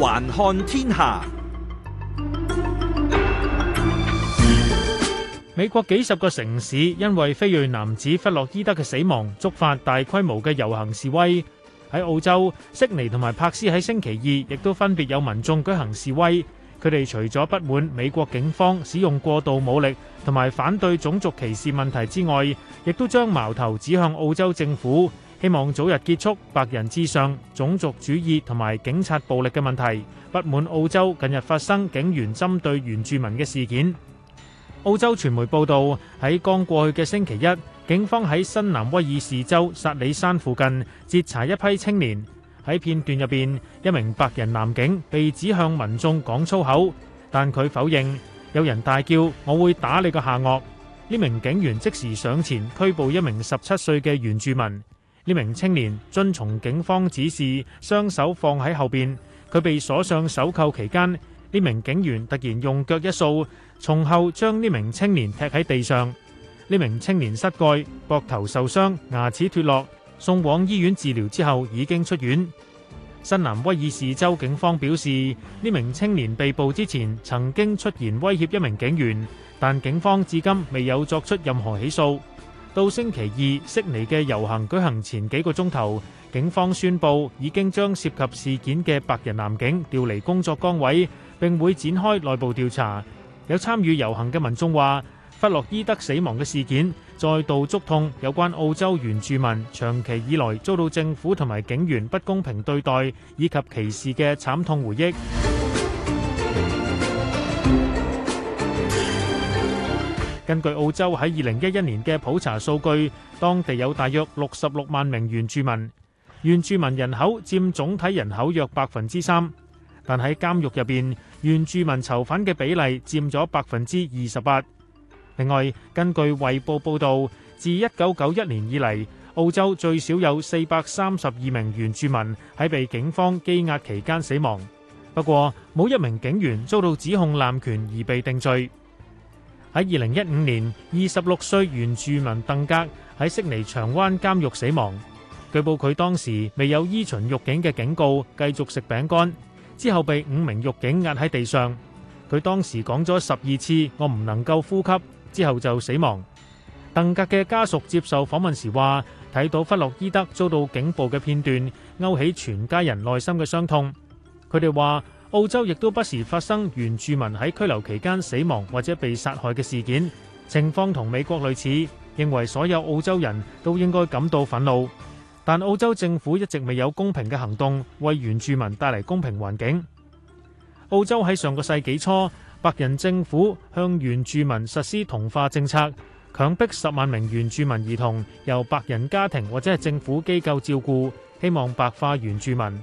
環看天下，美國幾十個城市因為非裔男子弗洛伊德嘅死亡，觸發大規模嘅遊行示威。喺澳洲，悉尼同埋柏斯喺星期二亦都分別有民眾舉行示威。佢哋除咗不滿美國警方使用過度武力，同埋反對種族歧視問題之外，亦都將矛頭指向澳洲政府。希望早日結束白人至上、種族主義同埋警察暴力嘅問題。不滿澳洲近日發生警員針對原住民嘅事件。澳洲傳媒報道，喺剛過去嘅星期一，警方喺新南威爾士州薩里山附近截查一批青年。喺片段入邊，一名白人男警被指向民眾講粗口，但佢否認有人大叫：「我會打你個下顎」。呢名警員即時上前拘捕一名十七歲嘅原住民。呢名青年遵從警方指示，雙手放喺後邊。佢被鎖上手扣期間，呢名警員突然用腳一掃，從後將呢名青年踢喺地上。呢名青年膝蓋、膊頭受傷，牙齒脫落，送往醫院治療之後已經出院。新南威爾士州警方表示，呢名青年被捕之前曾經出言威脅一名警員，但警方至今未有作出任何起訴。到星期二，悉尼嘅遊行舉行前幾個鐘頭，警方宣佈已經將涉及事件嘅白人男警調離工作崗位，並會展開內部調查。有參與遊行嘅民眾話，弗洛伊德死亡嘅事件再度觸痛有關澳洲原住民長期以來遭到政府同埋警員不公平對待以及歧視嘅慘痛回憶。根據澳洲喺二零一一年嘅普查數據，當地有大約六十六萬名原住民，原住民人口佔總體人口約百分之三。但喺監獄入邊，原住民囚犯嘅比例佔咗百分之二十八。另外，根據《衞報》報導，自一九九一年以嚟，澳洲最少有四百三十二名原住民喺被警方羈押期間死亡。不過，冇一名警員遭到指控濫權而被定罪。喺二零一五年，二十六歲原住民鄧格喺悉尼長灣監獄死亡。據報佢當時未有依循獄警嘅警告，繼續食餅乾，之後被五名獄警壓喺地上。佢當時講咗十二次我唔能夠呼吸，之後就死亡。鄧格嘅家屬接受訪問時話，睇到弗洛伊德遭到警暴嘅片段，勾起全家人內心嘅傷痛。佢哋話。澳洲亦都不時發生原住民喺拘留期間死亡或者被殺害嘅事件，情況同美國類似，認為所有澳洲人都應該感到憤怒，但澳洲政府一直未有公平嘅行動，為原住民帶嚟公平環境。澳洲喺上個世紀初，白人政府向原住民實施同化政策，強迫十萬名原住民兒童由白人家庭或者係政府機構照顧，希望白化原住民。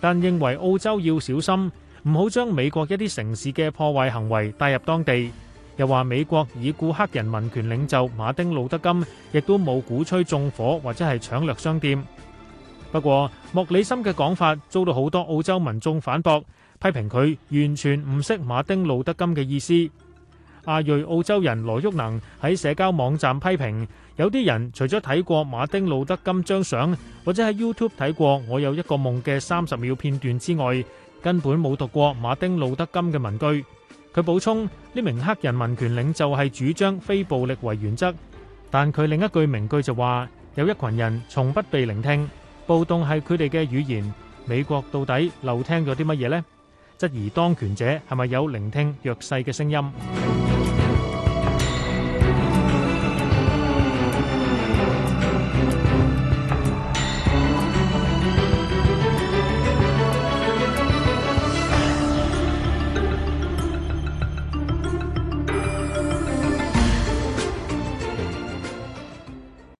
但認為澳洲要小心，唔好將美國一啲城市嘅破壞行為帶入當地。又話美國已故黑人民權領袖馬丁路德金，亦都冇鼓吹縱火或者係搶掠商店。不過莫里森嘅講法遭到好多澳洲民眾反駁，批評佢完全唔識馬丁路德金嘅意思。亞裔澳洲人羅旭能喺社交網站批評，有啲人除咗睇過馬丁路德金張相，或者喺 YouTube 睇過《我有一個夢》嘅三十秒片段之外，根本冇讀過馬丁路德金嘅文句。佢補充，呢名黑人民權領袖係主張非暴力為原則，但佢另一句名句就話：有一群人從不被聆聽，暴動係佢哋嘅語言。美國到底漏聽咗啲乜嘢呢？質疑當權者係咪有聆聽弱勢嘅聲音？